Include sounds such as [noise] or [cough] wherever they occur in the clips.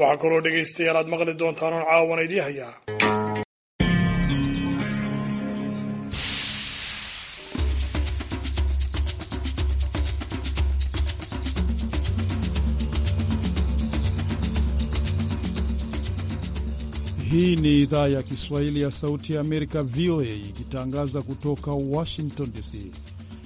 waxaa kaloo dhegaystayaal aad maqli doontaan oon caawana idii hayaa Hii ni idhaa ya Kiswahili ya Sauti ya Amerika, VOA, ikitangaza kutoka Washington DC.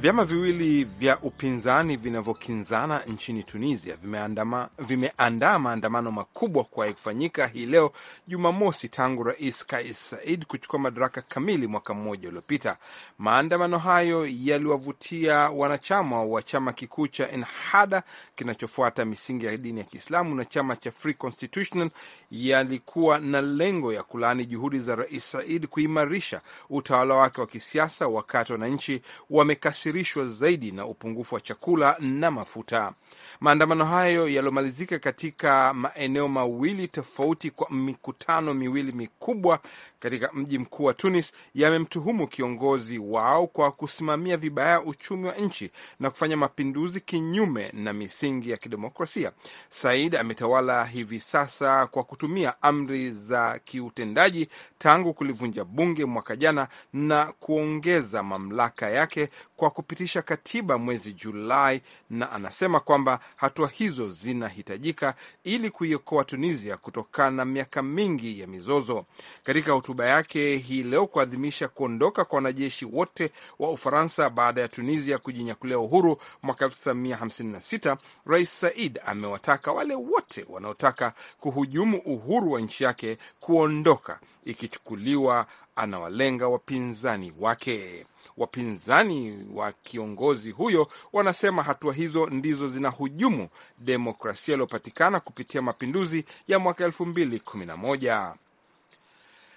Vyama viwili vya upinzani vinavyokinzana nchini Tunisia vimeandaa vime maandamano makubwa kwa kufanyika hii leo Jumamosi tangu Rais Kais Said kuchukua madaraka kamili mwaka mmoja uliopita. Maandamano hayo yaliwavutia wanachama wa chama kikuu cha Ennahda kinachofuata misingi ya dini ya Kiislamu na chama cha Free Constitutional, yalikuwa na lengo ya kulaani juhudi za Rais said kuimarisha utawala wake wa kisiasa, wakati wananchi wamekasirika kuathirishwa zaidi na upungufu wa chakula na mafuta. Maandamano hayo yaliyomalizika katika maeneo mawili tofauti kwa mikutano miwili mikubwa katika mji mkuu wa Tunis yamemtuhumu kiongozi wao kwa kusimamia vibaya uchumi wa nchi na kufanya mapinduzi kinyume na misingi ya kidemokrasia. Said ametawala hivi sasa kwa kutumia amri za kiutendaji tangu kulivunja bunge mwaka jana na kuongeza mamlaka yake kwa kupitisha katiba mwezi Julai, na anasema kwamba hatua hizo zinahitajika ili kuiokoa Tunisia kutokana na miaka mingi ya mizozo. Katika hotuba yake hii leo kuadhimisha kuondoka kwa wanajeshi wote wa Ufaransa baada ya Tunisia kujinyakulia uhuru mwaka 1956, Rais Said amewataka wale wote wanaotaka kuhujumu uhuru wa nchi yake kuondoka, ikichukuliwa anawalenga wapinzani wake. Wapinzani wa kiongozi huyo wanasema hatua hizo ndizo zinahujumu demokrasia iliyopatikana kupitia mapinduzi ya mwaka elfu mbili kumi na moja.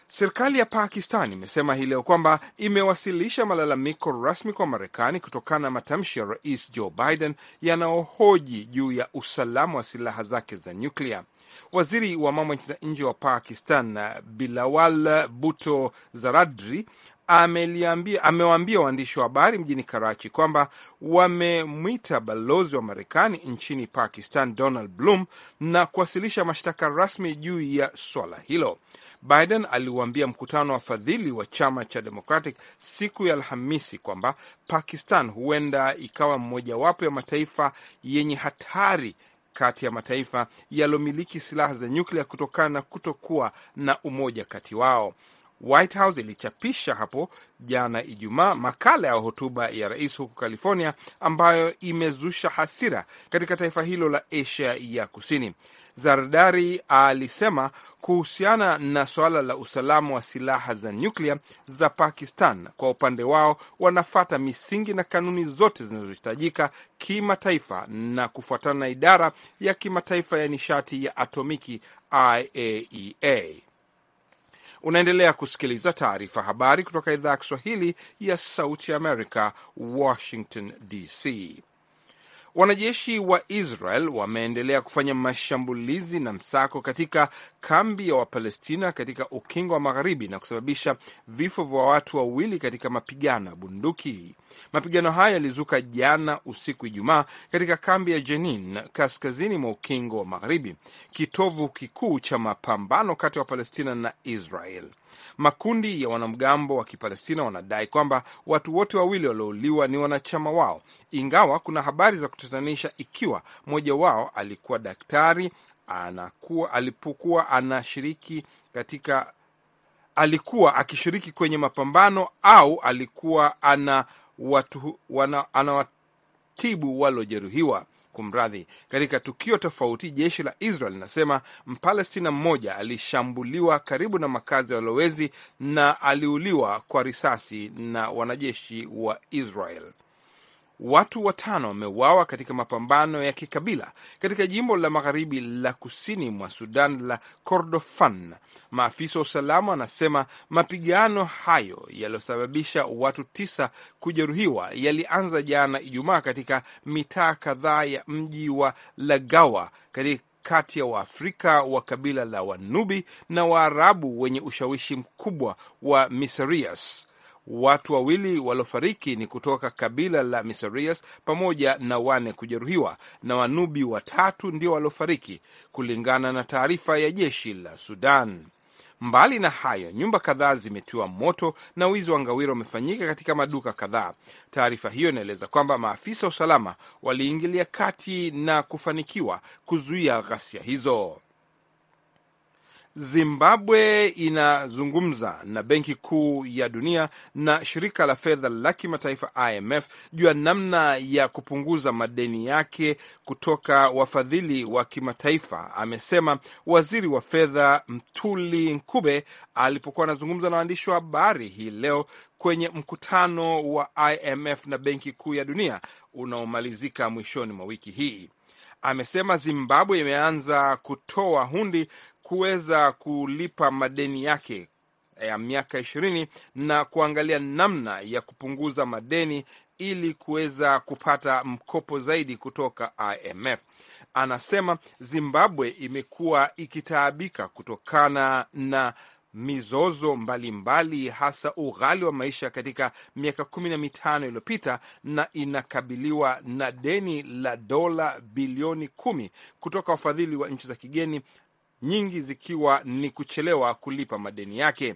Serikali ya Pakistan imesema hii leo kwamba imewasilisha malalamiko rasmi kwa Marekani kutokana na matamshi ya Rais Joe Biden yanayohoji juu ya usalama wa silaha zake za nyuklia. Waziri wa mambo ya nchi za nje wa Pakistan Bilawal Bhutto Zaradri amewaambia waandishi wa habari mjini Karachi kwamba wamemwita balozi wa Marekani nchini Pakistan Donald Blum, na kuwasilisha mashtaka rasmi juu ya swala hilo. Biden aliuambia mkutano wa fadhili wa chama cha Democratic siku ya Alhamisi kwamba Pakistan huenda ikawa mmojawapo ya mataifa yenye hatari kati ya mataifa yaliyomiliki silaha za nyuklia kutokana na kutokuwa na umoja kati wao. White House ilichapisha hapo jana Ijumaa makala ya hotuba ya rais huko California ambayo imezusha hasira katika taifa hilo la Asia ya Kusini. Zardari alisema kuhusiana na suala la usalama wa silaha za nyuklia za Pakistan, kwa upande wao wanafata misingi na kanuni zote zinazohitajika kimataifa na kufuatana na idara ya kimataifa ya nishati ya atomiki IAEA. E Unaendelea kusikiliza taarifa habari kutoka idhaa ya Kiswahili ya Sauti ya Amerika, Washington DC. Wanajeshi wa Israel wameendelea kufanya mashambulizi na msako katika kambi ya Wapalestina katika ukingo wa magharibi na kusababisha vifo vya watu wawili katika mapigano ya bunduki. Mapigano hayo yalizuka jana usiku Ijumaa katika kambi ya Jenin kaskazini mwa ukingo wa magharibi, kitovu kikuu cha mapambano kati ya Wapalestina na Israel. Makundi ya wanamgambo wa Kipalestina wanadai kwamba watu wote wawili waliouliwa ni wanachama wao, ingawa kuna habari za kutatanisha ikiwa mmoja wao alikuwa daktari anakuwa alipokuwa anashiriki katika alikuwa akishiriki kwenye mapambano au alikuwa ana watu, wana, anawatibu waliojeruhiwa. Kumradhi, katika tukio tofauti, jeshi la Israel linasema Mpalestina mmoja alishambuliwa karibu na makazi ya walowezi na aliuliwa kwa risasi na wanajeshi wa Israel. Watu watano wameuawa katika mapambano ya kikabila katika jimbo la magharibi la kusini mwa Sudan la Kordofan. Maafisa wa usalama wanasema mapigano hayo yaliyosababisha watu tisa kujeruhiwa yalianza jana Ijumaa katika mitaa kadhaa ya mji wa Lagawa katika kati ya Waafrika wa kabila la Wanubi na Waarabu wenye ushawishi mkubwa wa Misrias Watu wawili waliofariki ni kutoka kabila la Misorias pamoja na wane kujeruhiwa, na Wanubi watatu ndio waliofariki kulingana na taarifa ya jeshi la Sudan. Mbali na hayo, nyumba kadhaa zimetiwa moto na wizi wa ngawira umefanyika katika maduka kadhaa. Taarifa hiyo inaeleza kwamba maafisa wa usalama waliingilia kati na kufanikiwa kuzuia ghasia hizo. Zimbabwe inazungumza na Benki Kuu ya Dunia na shirika la fedha la kimataifa IMF juu ya namna ya kupunguza madeni yake kutoka wafadhili wa kimataifa, amesema waziri wa fedha mtuli nkube alipokuwa anazungumza na waandishi wa habari hii leo kwenye mkutano wa IMF na Benki Kuu ya Dunia unaomalizika mwishoni mwa wiki hii. Amesema Zimbabwe imeanza kutoa hundi kuweza kulipa madeni yake eh, ya miaka ishirini na kuangalia namna ya kupunguza madeni ili kuweza kupata mkopo zaidi kutoka IMF. Anasema Zimbabwe imekuwa ikitaabika kutokana na mizozo mbalimbali mbali, hasa ughali wa maisha katika miaka kumi na mitano iliyopita, na inakabiliwa na deni la dola bilioni kumi kutoka wafadhili wa nchi za kigeni nyingi zikiwa ni kuchelewa kulipa madeni yake.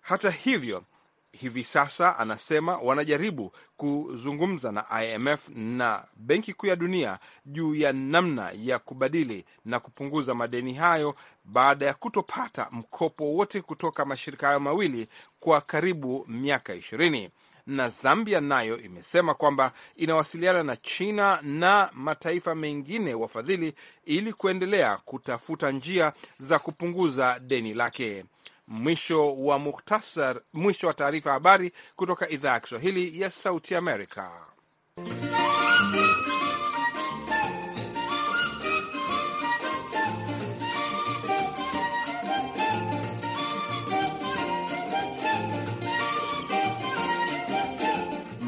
Hata hivyo hivi sasa anasema wanajaribu kuzungumza na IMF na Benki Kuu ya Dunia juu ya namna ya kubadili na kupunguza madeni hayo baada ya kutopata mkopo wote kutoka mashirika hayo mawili kwa karibu miaka ishirini na Zambia nayo imesema kwamba inawasiliana na China na mataifa mengine wafadhili ili kuendelea kutafuta njia za kupunguza deni lake. Mwisho wa muhtasar, mwisho wa taarifa. Habari kutoka idhaa ya Kiswahili ya Sauti Amerika.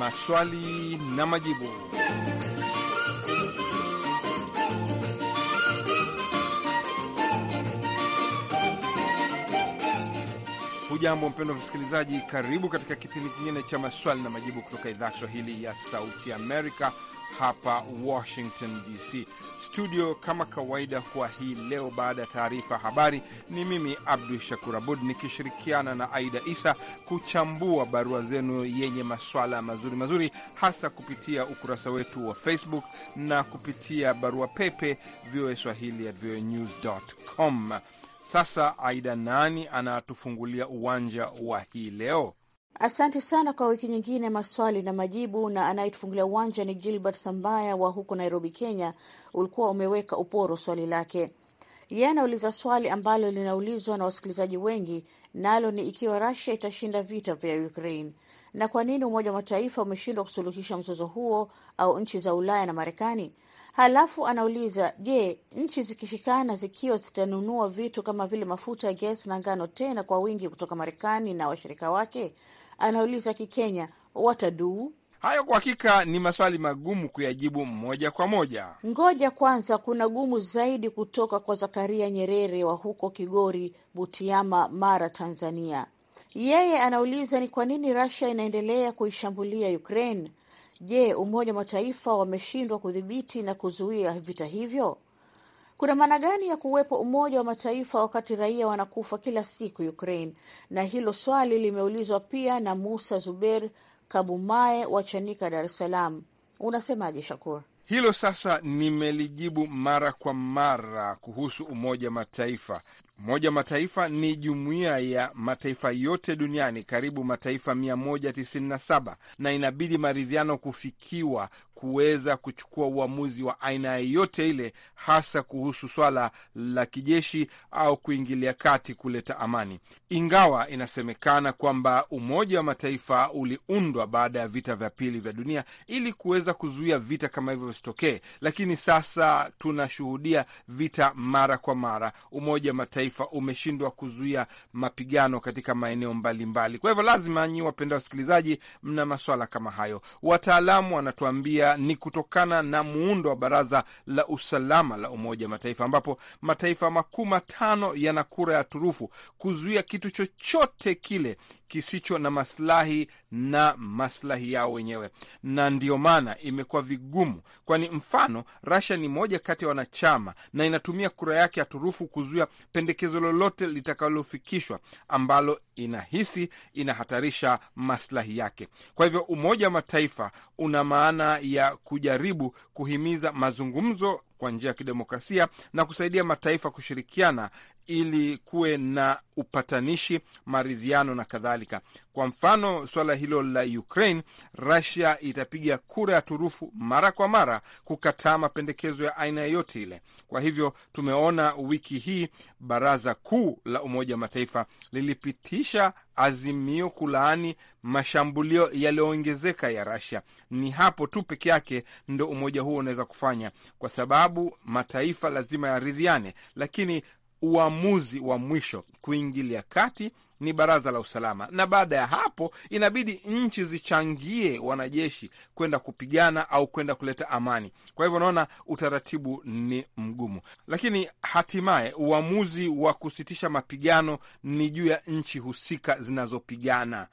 maswali na majibu. Hujambo mpendo msikilizaji, karibu katika kipindi kingine cha maswali na majibu kutoka idhaa ya Kiswahili ya Sauti Amerika hapa Washington DC studio, kama kawaida kwa hii leo. Baada ya taarifa habari, ni mimi Abdu Shakur Abud nikishirikiana na Aida Isa kuchambua barua zenu yenye maswala mazuri mazuri, hasa kupitia ukurasa wetu wa Facebook na kupitia barua pepe VOA Swahili at voanews.com. Sasa Aida, nani anatufungulia uwanja wa hii leo? Asante sana kwa wiki nyingine maswali na majibu. Na anayetufungulia uwanja ni Gilbert Sambaya wa huko Nairobi, Kenya. Ulikuwa umeweka uporo swali lake, yeye anauliza swali ambalo linaulizwa na wasikilizaji wengi, nalo ni ikiwa Russia itashinda vita vya Ukraine na kwa nini Umoja wa Mataifa umeshindwa kusuluhisha mzozo huo au nchi za Ulaya na Marekani. Halafu anauliza je, nchi zikishikana zikiwa zitanunua vitu kama vile mafuta, gesi na ngano tena kwa wingi kutoka Marekani na washirika wake, anauliza Kikenya wataduu Hayo kwa hakika ni maswali magumu kuyajibu moja kwa moja. Ngoja kwanza, kuna gumu zaidi kutoka kwa Zakaria Nyerere wa huko Kigori, Butiama, Mara, Tanzania. Yeye anauliza ni kwa nini Russia inaendelea kuishambulia Ukraine. Je, Umoja wa Mataifa wameshindwa kudhibiti na kuzuia vita hivyo? Kuna maana gani ya kuwepo Umoja wa Mataifa wakati raia wanakufa kila siku Ukraine? Na hilo swali limeulizwa pia na Musa Zuber Kabumae wa Chanika, Dar es Salaam. Unasemaje Shakur? Hilo sasa nimelijibu mara kwa mara kuhusu Umoja Mataifa. Umoja Mataifa ni jumuiya ya mataifa yote duniani, karibu mataifa 197 na inabidi maridhiano kufikiwa kuweza kuchukua uamuzi wa aina yeyote ile, hasa kuhusu swala la kijeshi au kuingilia kati kuleta amani, ingawa inasemekana kwamba Umoja wa Mataifa uliundwa baada ya vita vya pili vya dunia ili kuweza kuzuia vita kama hivyo visitokee, lakini sasa tunashuhudia vita mara kwa mara. Umoja wa Mataifa umeshindwa kuzuia mapigano katika maeneo mbalimbali. Kwa hivyo lazima nyi, wapenda wasikilizaji, mna maswala kama hayo, wataalamu wanatuambia ni kutokana na muundo wa Baraza la Usalama la Umoja Mataifa, ambapo mataifa makuu matano yana kura ya turufu kuzuia kitu chochote kile kisicho na maslahi na maslahi yao wenyewe, na ndiyo maana imekuwa vigumu, kwani mfano rasia ni moja kati ya wanachama na inatumia kura yake ya turufu kuzuia pendekezo lolote litakalofikishwa ambalo inahisi inahatarisha maslahi yake. Kwa hivyo Umoja wa Mataifa una maana ya ya kujaribu kuhimiza mazungumzo kwa njia ya kidemokrasia na kusaidia mataifa kushirikiana ili kuwe na upatanishi, maridhiano na kadhalika. Kwa mfano suala hilo la Ukraine, Russia itapiga kura ya turufu mara kwa mara kukataa mapendekezo ya aina yoyote ile. Kwa hivyo tumeona wiki hii baraza kuu la Umoja wa Mataifa lilipitisha azimio kulaani mashambulio yaliyoongezeka ya Russia. Ni hapo tu peke yake ndo umoja huo unaweza kufanya, kwa sababu mataifa lazima yaridhiane, lakini uamuzi wa mwisho kuingilia kati ni Baraza la Usalama, na baada ya hapo inabidi nchi zichangie wanajeshi kwenda kupigana au kwenda kuleta amani. Kwa hivyo unaona utaratibu ni mgumu, lakini hatimaye uamuzi wa kusitisha mapigano ni juu ya nchi husika zinazopigana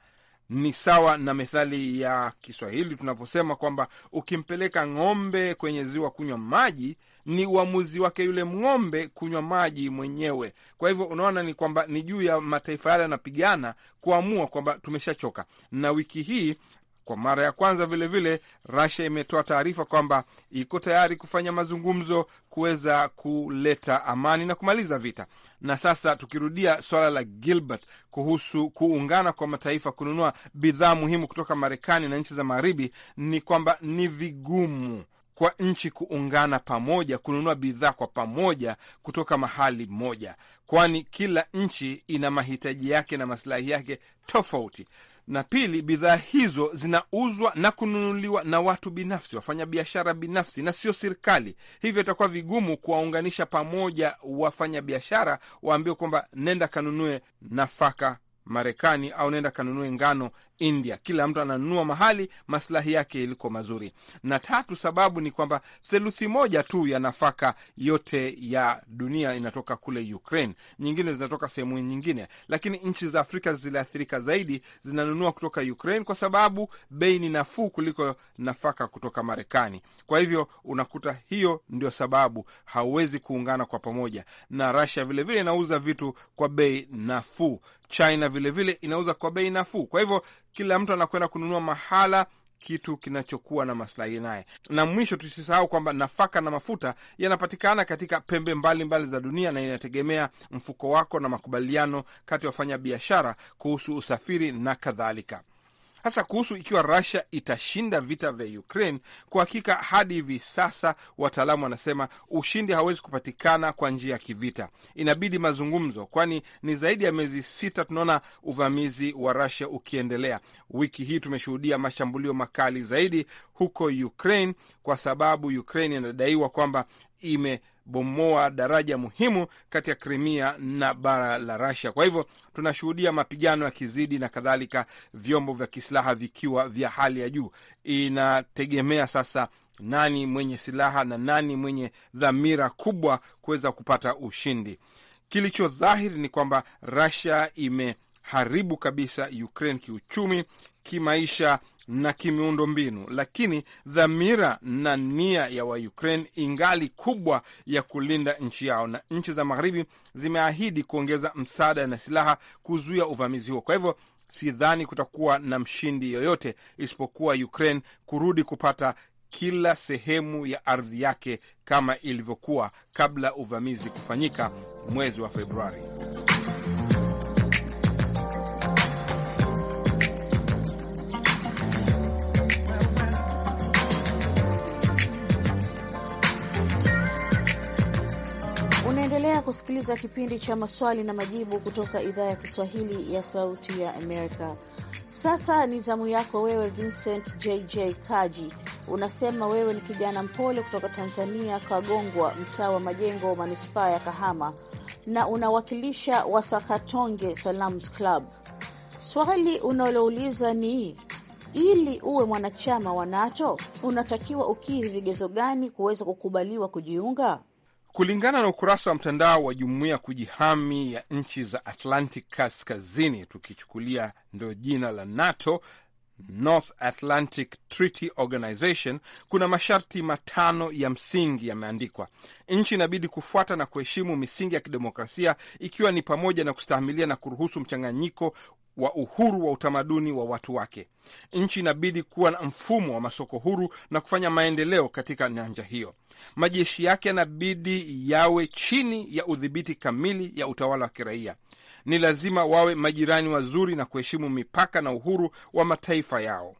ni sawa na methali ya Kiswahili tunaposema kwamba ukimpeleka ng'ombe kwenye ziwa kunywa maji, ni uamuzi wake yule ng'ombe kunywa maji mwenyewe. Kwa hivyo unaona ni kwamba ni juu ya mataifa yale yanapigana kuamua kwamba tumeshachoka. Na wiki hii kwa mara ya kwanza vilevile, Russia imetoa taarifa kwamba iko tayari kufanya mazungumzo kuweza kuleta amani na kumaliza vita. Na sasa tukirudia swala la Gilbert kuhusu kuungana kwa mataifa kununua bidhaa muhimu kutoka Marekani na nchi za Magharibi, ni kwamba ni vigumu kwa nchi kuungana pamoja kununua bidhaa kwa pamoja kutoka mahali moja, kwani kila nchi ina mahitaji yake na masilahi yake tofauti na pili, bidhaa hizo zinauzwa na kununuliwa na watu binafsi, wafanyabiashara binafsi na sio serikali. Hivyo itakuwa vigumu kuwaunganisha pamoja wafanyabiashara, waambiwe kwamba nenda kanunue nafaka Marekani au naenda kanunue ngano India. Kila mtu ananunua mahali maslahi yake iliko mazuri. Na tatu, sababu ni kwamba theluthi moja tu ya nafaka yote ya dunia inatoka kule Ukraine, nyingine zinatoka sehemu nyingine, lakini nchi za Afrika ziliathirika zaidi, zinanunua kutoka Ukraine kwa sababu bei ni nafuu kuliko nafaka kutoka Marekani. Kwa hivyo unakuta hiyo ndio sababu hauwezi kuungana kwa pamoja, na Russia vilevile inauza vitu kwa bei nafuu. China vilevile vile inauza kwa bei nafuu, kwa hivyo kila mtu anakwenda kununua mahala kitu kinachokuwa na maslahi naye. Na mwisho, tusisahau kwamba nafaka na mafuta yanapatikana katika pembe mbalimbali mbali za dunia, na inategemea mfuko wako na makubaliano kati ya biashara kuhusu usafiri na kadhalika. Sasa kuhusu ikiwa Russia itashinda vita vya Ukraine, kwa hakika hadi hivi sasa wataalamu wanasema ushindi hawezi kupatikana kwa njia ya kivita, inabidi mazungumzo, kwani ni zaidi ya miezi sita tunaona uvamizi wa Russia ukiendelea. Wiki hii tumeshuhudia mashambulio makali zaidi huko Ukraine kwa sababu Ukraine inadaiwa kwamba ime bomoa daraja muhimu kati ya Krimia na bara la Rasia. Kwa hivyo tunashuhudia mapigano yakizidi na kadhalika, vyombo vya kisilaha vikiwa vya hali ya juu. Inategemea sasa nani mwenye silaha na nani mwenye dhamira kubwa kuweza kupata ushindi. Kilicho dhahiri ni kwamba Rasia imeharibu kabisa Ukraine kiuchumi, kimaisha na mbinu lakini dhamira na nia ya Waukraine ingali kubwa ya kulinda nchi yao, na nchi za magharibi zimeahidi kuongeza msaada na silaha kuzuia uvamizi huo. Kwa hivyo sidhani kutakuwa na mshindi yoyote isipokuwa Ukraine kurudi kupata kila sehemu ya ardhi yake kama ilivyokuwa kabla uvamizi kufanyika mwezi wa Februari. Unaendelea kusikiliza kipindi cha maswali na majibu kutoka idhaa ya Kiswahili ya Sauti ya Amerika. Sasa ni zamu yako wewe, Vincent JJ Kaji. Unasema wewe ni kijana mpole kutoka Tanzania, Kagongwa, mtaa wa Majengo, manispaa ya Kahama, na unawakilisha Wasakatonge Salams Club. Swali unalouliza ni ili uwe mwanachama wa NATO unatakiwa ukidhi vigezo gani kuweza kukubaliwa kujiunga? Kulingana na ukurasa wa mtandao wa jumuiya kujihami ya nchi za Atlantic Kaskazini, tukichukulia ndo jina la NATO, North Atlantic Treaty Organization, kuna masharti matano ya msingi yameandikwa. Nchi inabidi kufuata na kuheshimu misingi ya kidemokrasia, ikiwa ni pamoja na kustahimilia na kuruhusu mchanganyiko wa uhuru wa utamaduni wa watu wake. Nchi inabidi kuwa na mfumo wa masoko huru na kufanya maendeleo katika nyanja hiyo. Majeshi yake yanabidi yawe chini ya udhibiti kamili ya utawala wa kiraia. Ni lazima wawe majirani wazuri na kuheshimu mipaka na uhuru wa mataifa yao,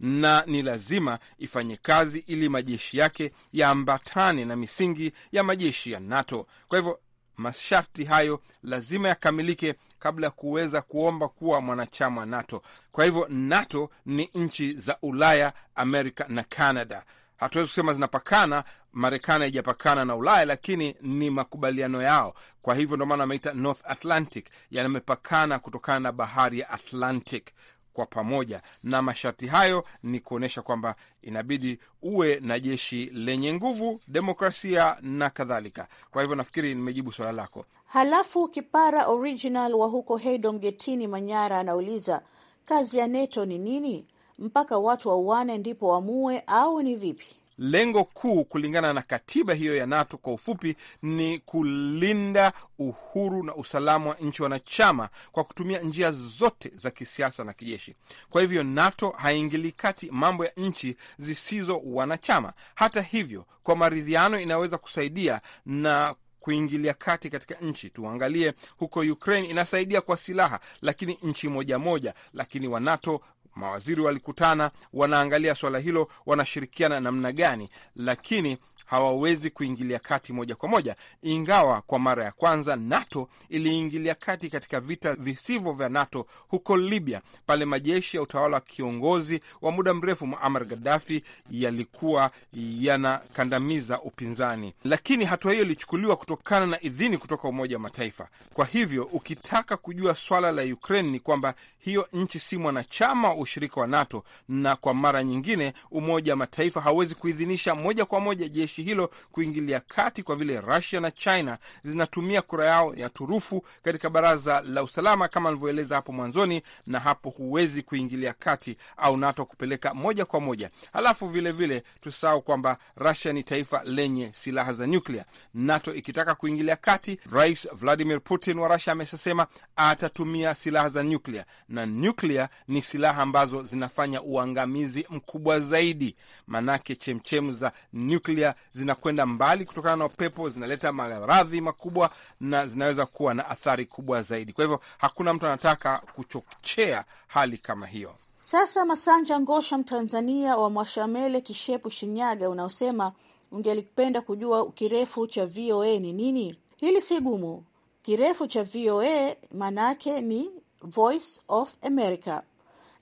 na ni lazima ifanye kazi ili majeshi yake yaambatane na misingi ya majeshi ya NATO. Kwa hivyo masharti hayo lazima yakamilike kabla ya kuweza kuomba kuwa mwanachama wa NATO. Kwa hivyo NATO ni nchi za Ulaya, Amerika na Canada. Hatuwezi kusema zinapakana. Marekani haijapakana na Ulaya, lakini ni makubaliano yao. Kwa hivyo ndio maana wameita North Atlantic, yanamepakana kutokana na bahari ya Atlantic kwa pamoja, na masharti hayo ni kuonyesha kwamba inabidi uwe na jeshi lenye nguvu, demokrasia na kadhalika. Kwa hivyo nafikiri nimejibu suala lako. Halafu Kipara Original wa huko Hedom Getini, Manyara, anauliza kazi ya Neto ni nini? Mpaka watu wauane ndipo wamue au ni vipi? lengo kuu kulingana na katiba hiyo ya NATO kwa ufupi ni kulinda uhuru na usalama wa nchi wanachama kwa kutumia njia zote za kisiasa na kijeshi. Kwa hivyo NATO haingilii kati mambo ya nchi zisizo wanachama. Hata hivyo, kwa maridhiano inaweza kusaidia na kuingilia kati katika nchi. Tuangalie huko Ukraine, inasaidia kwa silaha, lakini nchi moja moja, lakini wanato Mawaziri walikutana, wanaangalia swala hilo, wanashirikiana namna gani, lakini hawawezi kuingilia kati moja kwa moja, ingawa kwa mara ya kwanza NATO iliingilia kati katika vita visivyo vya NATO huko Libya, pale majeshi ya utawala wa kiongozi wa muda mrefu Muammar Gaddafi yalikuwa yanakandamiza upinzani. Lakini hatua hiyo ilichukuliwa kutokana na idhini kutoka Umoja wa Mataifa. Kwa hivyo ukitaka kujua swala la Ukraine ni kwamba hiyo nchi si mwanachama wa ushirika wa NATO, na kwa mara nyingine Umoja wa Mataifa hawezi kuidhinisha moja kwa moja jeshi jeshi hilo kuingilia kati kwa vile Rusia na China zinatumia kura yao ya turufu katika baraza la usalama kama alivyoeleza hapo mwanzoni, na hapo huwezi kuingilia kati au NATO kupeleka moja kwa moja. Halafu vilevile tusahau kwamba Rusia ni taifa lenye silaha za nyuklia. NATO ikitaka kuingilia kati, Rais Vladimir Putin wa Rusia amesema atatumia silaha za nyuklia, na nyuklia ni silaha ambazo zinafanya uangamizi mkubwa zaidi, manake chemchemu za nyuklia zinakwenda mbali kutokana na upepo, zinaleta maradhi makubwa na zinaweza kuwa na athari kubwa zaidi. Kwa hivyo hakuna mtu anataka kuchochea hali kama hiyo. Sasa Masanja Ngosha, Mtanzania wa Mwashamele, Kishepu, Shinyaga, unaosema ungelipenda kujua kirefu cha VOA ni nini? Hili si gumu. Kirefu cha VOA maana ni Voice of America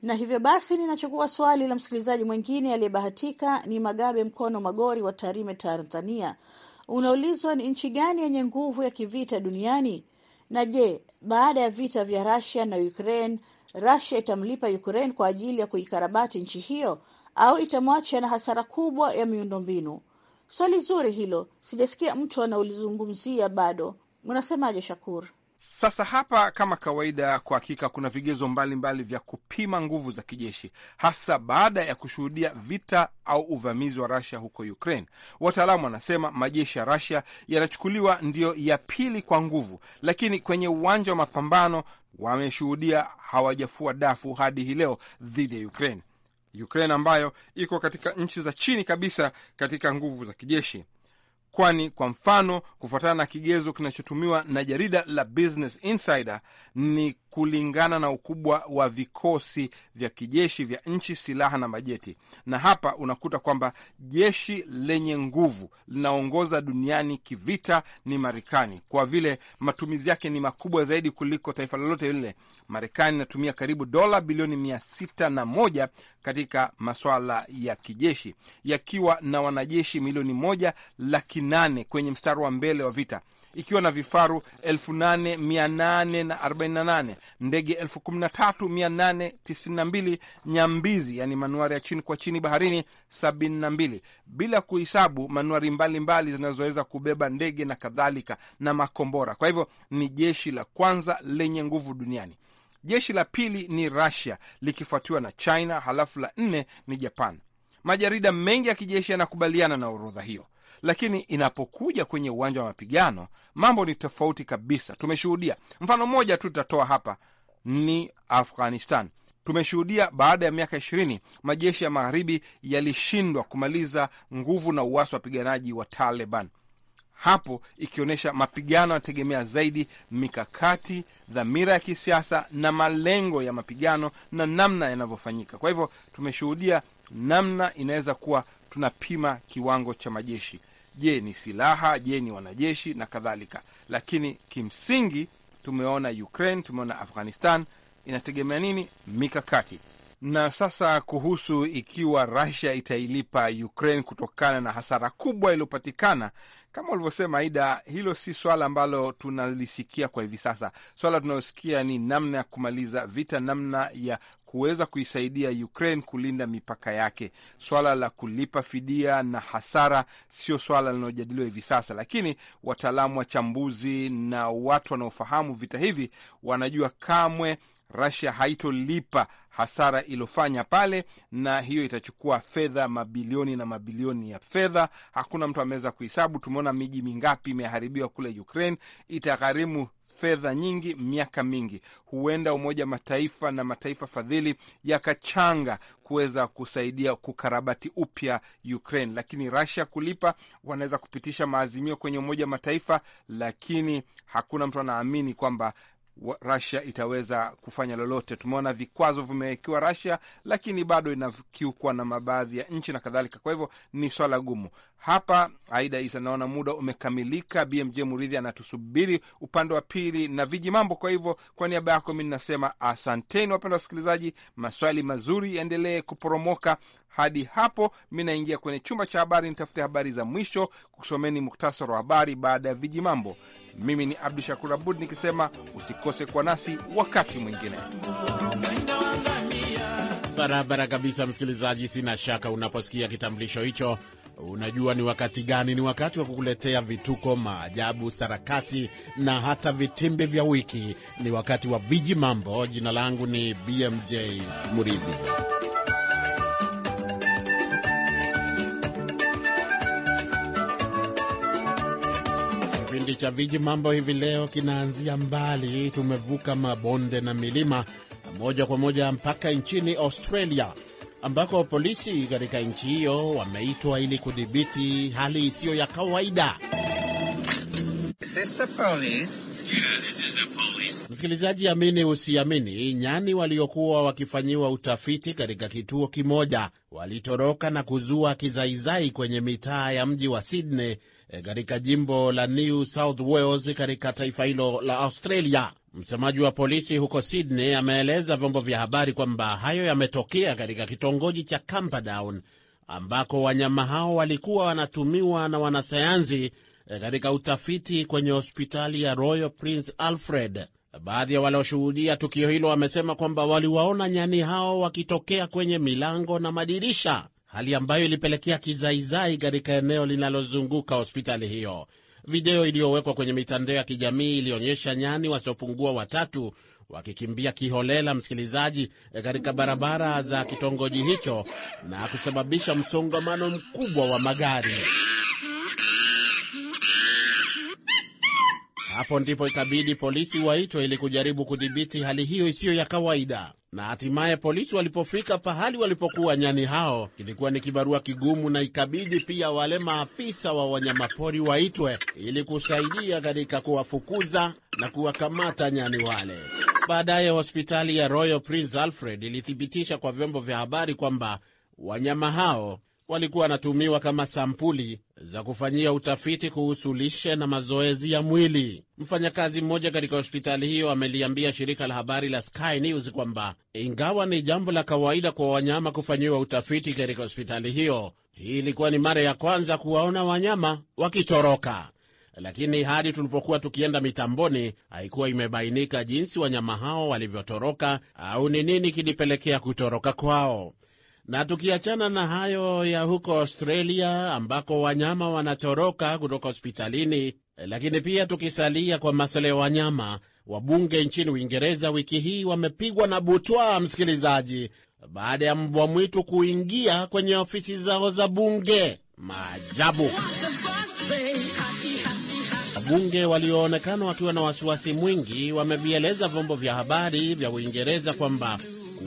na hivyo basi ninachukua swali la msikilizaji mwingine aliyebahatika ni Magabe Mkono Magori wa Tarime, Tanzania. Unaulizwa, ni nchi gani yenye nguvu ya kivita duniani? Na je, baada ya vita vya rasia na Ukraine, rasia itamlipa Ukraine kwa ajili ya kuikarabati nchi hiyo au itamwacha na hasara kubwa ya miundombinu? Swali zuri hilo, sijasikia mtu anaulizungumzia bado. Unasemaje, Shakur? Sasa hapa, kama kawaida, kwa hakika kuna vigezo mbalimbali vya kupima nguvu za kijeshi, hasa baada ya kushuhudia vita au uvamizi wa rasia huko Ukraine. Wataalamu wanasema majeshi ya rasia yanachukuliwa ndiyo ya pili kwa nguvu, lakini kwenye uwanja wa mapambano wameshuhudia hawajafua dafu hadi hii leo dhidi ya Ukraine, Ukraine ambayo iko katika nchi za chini kabisa katika nguvu za kijeshi kwani kwa mfano, kufuatana na kigezo kinachotumiwa na jarida la Business Insider ni kulingana na ukubwa wa vikosi vya kijeshi vya nchi, silaha na bajeti. Na hapa unakuta kwamba jeshi lenye nguvu linaongoza duniani kivita ni Marekani, kwa vile matumizi yake ni makubwa zaidi kuliko taifa lolote lile, Marekani inatumia karibu dola bilioni mia sita na moja katika maswala ya kijeshi, yakiwa na wanajeshi milioni moja laki nane kwenye mstari wa mbele wa vita ikiwa na vifaru 8848 ndege 13892 nyambizi, yani manuari ya chini kwa chini baharini 72, bila kuhesabu manuari mbalimbali zinazoweza kubeba ndege na kadhalika na makombora. Kwa hivyo ni jeshi la kwanza lenye nguvu duniani. Jeshi la pili ni Russia likifuatiwa na China, halafu la nne ni Japan. Majarida mengi ya kijeshi yanakubaliana na orodha hiyo, lakini inapokuja kwenye uwanja wa mapigano mambo ni tofauti kabisa. Tumeshuhudia mfano mmoja tu tutatoa hapa ni Afghanistan. Tumeshuhudia baada ya miaka ishirini majeshi ya magharibi yalishindwa kumaliza nguvu na uasi wa wapiganaji wa Taliban hapo, ikionyesha mapigano yanategemea zaidi mikakati, dhamira ya kisiasa na malengo ya mapigano na namna yanavyofanyika. Kwa hivyo tumeshuhudia namna inaweza kuwa tunapima kiwango cha majeshi. Je, ni silaha? Je, ni wanajeshi na kadhalika? Lakini kimsingi tumeona Ukraine, tumeona Afghanistan, inategemea nini? Mikakati. Na sasa kuhusu ikiwa Russia itailipa Ukraine kutokana na hasara kubwa iliyopatikana, kama ulivyosema Aida, hilo si swala ambalo tunalisikia kwa hivi sasa. Swala tunalosikia ni namna ya kumaliza vita, namna ya kuweza kuisaidia Ukraine kulinda mipaka yake. Swala la kulipa fidia na hasara sio swala linalojadiliwa hivi sasa, lakini wataalamu, wachambuzi na watu wanaofahamu vita hivi wanajua kamwe Russia haitolipa hasara iliyofanya pale, na hiyo itachukua fedha mabilioni na mabilioni ya fedha. Hakuna mtu ameweza kuhesabu. Tumeona miji mingapi imeharibiwa kule Ukraine, itagharimu fedha nyingi, miaka mingi. Huenda Umoja Mataifa na mataifa fadhili yakachanga kuweza kusaidia kukarabati upya Ukraine, lakini Russia kulipa, wanaweza kupitisha maazimio kwenye Umoja Mataifa, lakini hakuna mtu anaamini kwamba rasia itaweza kufanya lolote. Tumeona vikwazo vimewekiwa rasia lakini bado inakiukwa na mabaadhi ya nchi na kadhalika. Kwa hivyo ni swala gumu hapa. Aida Isa, naona muda umekamilika. BMJ Muridhi anatusubiri upande wa pili na viji mambo. Kwa hivyo kwa niaba yako mi ninasema asanteni wapenda wasikilizaji, maswali mazuri yaendelee kuporomoka hadi hapo mi naingia kwenye chumba cha habari, nitafute habari za mwisho kusomeni muktasari wa habari baada ya viji mambo. Mimi ni Abdu Shakur Abud nikisema usikose kwa nasi wakati mwingine. Barabara kabisa, msikilizaji, sina shaka unaposikia kitambulisho hicho unajua ni wakati gani. Ni wakati wa kukuletea vituko, maajabu, sarakasi na hata vitimbi vya wiki. Ni wakati wa viji mambo. Jina langu ni BMJ Muridhi. Kipindi cha Viji Mambo hivi leo kinaanzia mbali. Tumevuka mabonde na milima moja kwa moja mpaka nchini Australia, ambako polisi katika nchi hiyo wameitwa ili kudhibiti hali isiyo ya kawaida. Msikilizaji, amini usiamini, nyani waliokuwa wakifanyiwa utafiti katika kituo kimoja walitoroka na kuzua kizaizai kwenye mitaa ya mji wa Sydney E, katika jimbo la New South Wales katika taifa hilo la Australia. Msemaji wa polisi huko Sydney ameeleza vyombo vya habari kwamba hayo yametokea katika kitongoji cha Camperdown ambako wanyama hao walikuwa wanatumiwa na wanasayansi e, katika utafiti kwenye hospitali ya Royal Prince Alfred. Baadhi ya walioshuhudia tukio hilo wamesema kwamba waliwaona nyani hao wakitokea kwenye milango na madirisha hali ambayo ilipelekea kizaizai katika eneo linalozunguka hospitali hiyo. Video iliyowekwa kwenye mitandao ya kijamii ilionyesha nyani wasiopungua watatu wakikimbia kiholela, msikilizaji, katika barabara za kitongoji hicho na kusababisha msongamano mkubwa wa magari. Hapo ndipo ikabidi polisi waitwe ili kujaribu kudhibiti hali hiyo isiyo ya kawaida na hatimaye polisi walipofika pahali walipokuwa nyani hao, kilikuwa ni kibarua kigumu, na ikabidi pia wale maafisa wa wanyamapori waitwe ili kusaidia katika kuwafukuza na kuwakamata nyani wale. Baadaye hospitali ya Royal Prince Alfred ilithibitisha kwa vyombo vya habari kwamba wanyama hao walikuwa wanatumiwa kama sampuli za kufanyia utafiti kuhusu lishe na mazoezi ya mwili. Mfanyakazi mmoja katika hospitali hiyo ameliambia shirika la habari la Sky News kwamba ingawa ni jambo la kawaida kwa wanyama kufanyiwa utafiti katika hospitali hiyo, hii ilikuwa ni mara ya kwanza kuwaona wanyama wakitoroka, lakini hadi tulipokuwa tukienda mitamboni haikuwa imebainika jinsi wanyama hao walivyotoroka au ni nini kilipelekea kutoroka kwao. Na tukiachana na hayo ya huko Australia ambako wanyama wanatoroka kutoka hospitalini, eh, lakini pia tukisalia kwa masuala ya wanyama, wabunge nchini Uingereza wiki hii wamepigwa na butwa msikilizaji, baada ya mbwa mwitu kuingia kwenye ofisi zao za bunge. Maajabu! Wabunge walioonekana wakiwa na wasiwasi mwingi wamevieleza vyombo vya habari vya Uingereza kwamba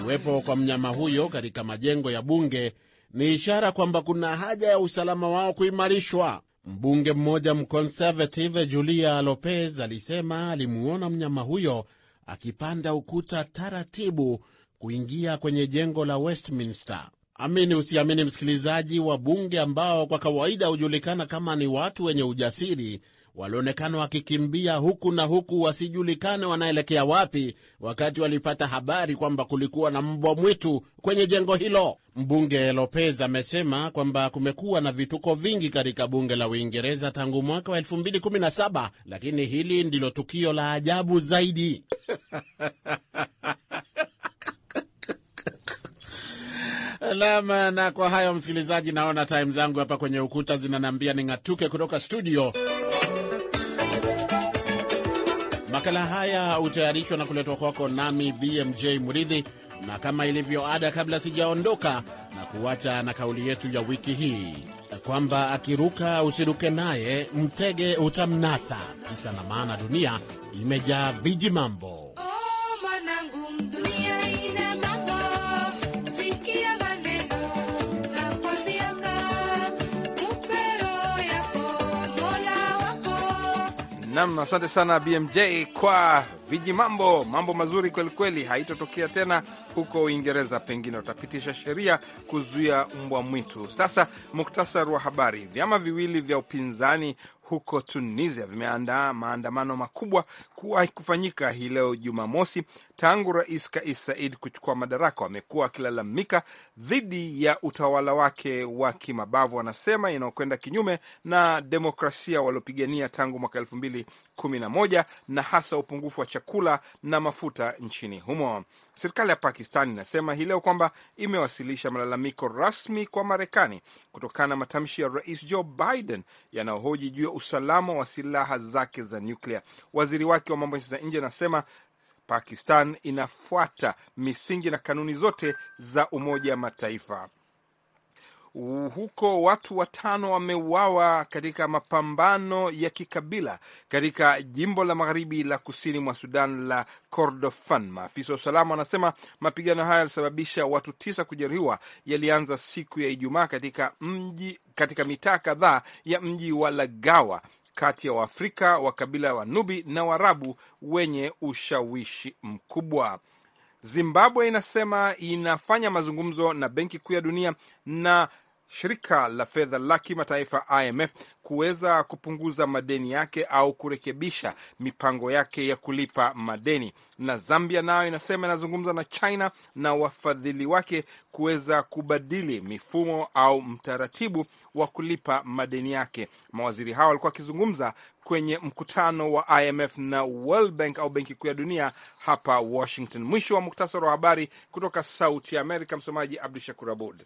Kuwepo kwa mnyama huyo katika majengo ya bunge ni ishara kwamba kuna haja ya usalama wao kuimarishwa. Mbunge mmoja mkonservative Julia Lopez alisema alimuona mnyama huyo akipanda ukuta taratibu kuingia kwenye jengo la Westminster. Amini usiamini, msikilizaji, wa bunge ambao kwa kawaida hujulikana kama ni watu wenye ujasiri walionekana wakikimbia huku na huku, wasijulikane wanaelekea wapi, wakati walipata habari kwamba kulikuwa na mbwa mwitu kwenye jengo hilo. Mbunge Lopez amesema kwamba kumekuwa na vituko vingi katika bunge la Uingereza tangu mwaka wa 2017 lakini hili ndilo tukio la ajabu zaidi. [laughs] Naam, na kwa hayo msikilizaji, naona time zangu hapa kwenye ukuta zinaniambia ning'atuke kutoka studio. Makala haya hutayarishwa na kuletwa kwako nami BMJ Muridhi, na kama ilivyo ada, kabla sijaondoka na kuacha na kauli yetu ya wiki hii kwamba akiruka usiruke naye, mtege utamnasa. Kisa na maana, dunia imejaa viji mambo. Nam, asante sana BMJ kwa viji mambo mambo mazuri kweli kweli, haitotokea tena huko Uingereza. Pengine utapitisha sheria kuzuia mbwa mwitu. Sasa muktasar wa habari. Vyama viwili vya upinzani huko Tunisia vimeandaa maandamano makubwa kuwahi kufanyika hii leo Jumamosi tangu Rais Kais Said kuchukua madaraka. wamekuwa akilalamika dhidi ya utawala wake wa kimabavu, wanasema inayokwenda kinyume na demokrasia waliopigania tangu mwaka elfu mbili 11 na hasa upungufu wa chakula na mafuta nchini humo. Serikali ya Pakistan inasema hii leo kwamba imewasilisha malalamiko rasmi kwa Marekani kutokana na matamshi ya Rais Joe Biden yanayohoji juu ya usalama wa silaha zake za nyuklia. Waziri wake wa mambo za nje anasema Pakistan inafuata misingi na kanuni zote za Umoja wa Mataifa huko watu watano wameuawa katika mapambano ya kikabila katika jimbo la magharibi la kusini mwa Sudan la Kordofan. Maafisa wa usalama wanasema mapigano hayo yalisababisha watu tisa kujeruhiwa, yalianza siku ya Ijumaa katika mji katika mitaa kadhaa ya mji wa Lagawa kati ya Waafrika wa kabila wa Nubi na Waarabu wenye ushawishi mkubwa. Zimbabwe inasema inafanya mazungumzo na Benki Kuu ya Dunia na shirika la fedha la kimataifa IMF kuweza kupunguza madeni yake au kurekebisha mipango yake ya kulipa madeni. Na Zambia nayo inasema inazungumza na China na wafadhili wake kuweza kubadili mifumo au mtaratibu wa kulipa madeni yake. Mawaziri hao walikuwa wakizungumza kwenye mkutano wa IMF na World Bank au Benki Kuu ya Dunia hapa Washington. Mwisho wa muktasari wa habari kutoka Sauti ya Amerika. Msomaji Abdu Shakur Abud.